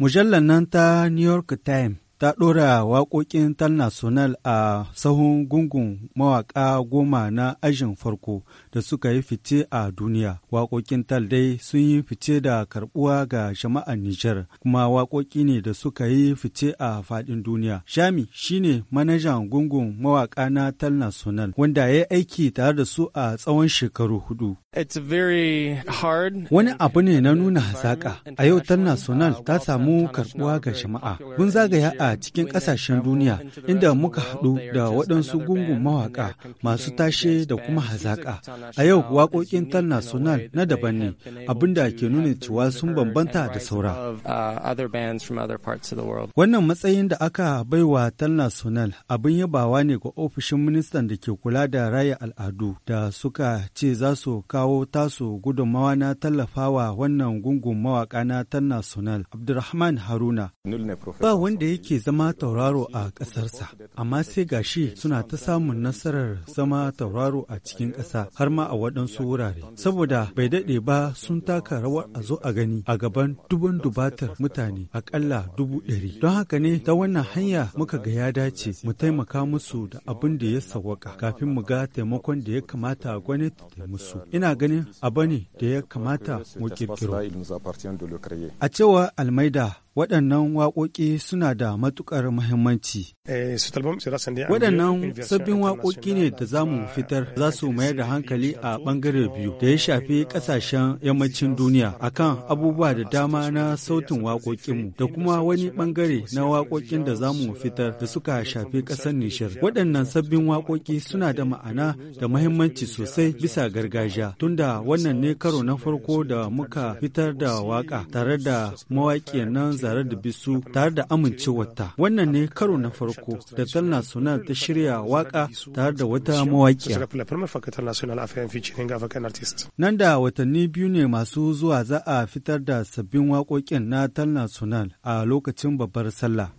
Mujallar nan ta New York Times ta ɗora waƙoƙin tal national a sahun gungun mawaƙa goma na ajin farko da suka yi fice a duniya waƙoƙin tal dai sun yi fice da karɓuwa ga jama'ar nijar kuma waƙoƙi ne da suka yi fice a faɗin duniya shami shine manajan gungun mawaƙa na tal national wanda ya yi aiki tare da su a tsawon shekaru hudu wani abu ne na nuna hazaƙa a yau tal national ta samu karɓuwa ga jama'a mun zagaya a a cikin ƙasashen duniya inda muka haɗu da waɗansu gungun mawaƙa masu tashe da kuma hazaƙa. A yau waƙoƙin national na daban ne abinda ke nuna cewa sun bambanta da saura. Uh, wannan matsayin da aka baiwa tar-nasional abin yabawa ne ga ofishin ministan da ke kula da raya al'adu da suka ce za su kawo tasu gudunmawa na tallafawa wannan gungun mawaƙa na international Abdulrahman Haruna. Ba wanda yake zama tauraro a ƙasarsa, amma sai gashi suna ta samun nasarar zama tauraro a cikin ƙasa har ma a waɗansu wurare. Saboda bai daɗe ba sun taka rawar a zo a gani a gaban dubun dubatar mutane aƙalla dubu ɗari. Don haka ne ta wannan hanya muka ga ya dace mu taimaka musu da abin da ya sawwaka kafin mu ga taimakon da ya kamata gwamnati ta musu. Ina ganin abu ne da ya kamata mu kirkiro. A cewa Almaida waɗannan waƙoƙi suna da matuƙar muhimmanci. Eh, waɗannan sabbin waƙoƙi ne da za mu fitar za su mayar da hankali a ɓangare biyu da ya shafi ƙasashen yammacin duniya akan abubuwa da dama na sautin waƙoƙinmu da kuma wani ɓangare na waƙoƙin da za mu fitar da suka shafi ƙasar Nishar. Waɗannan sabbin waƙoƙi suna da ma'ana da muhimmanci sosai bisa gargajiya tunda wannan ne karo na farko da muka fitar da waƙa tare da mawaƙi nan Zara da Bisu tare da amincewarta. Wannan ne karo na farko da Tal National ta shirya waka tare da wata mawaƙiya. Nan da watanni biyu ne masu zuwa za a fitar da sabbin waƙoƙin na Tal National a lokacin babbar sallah.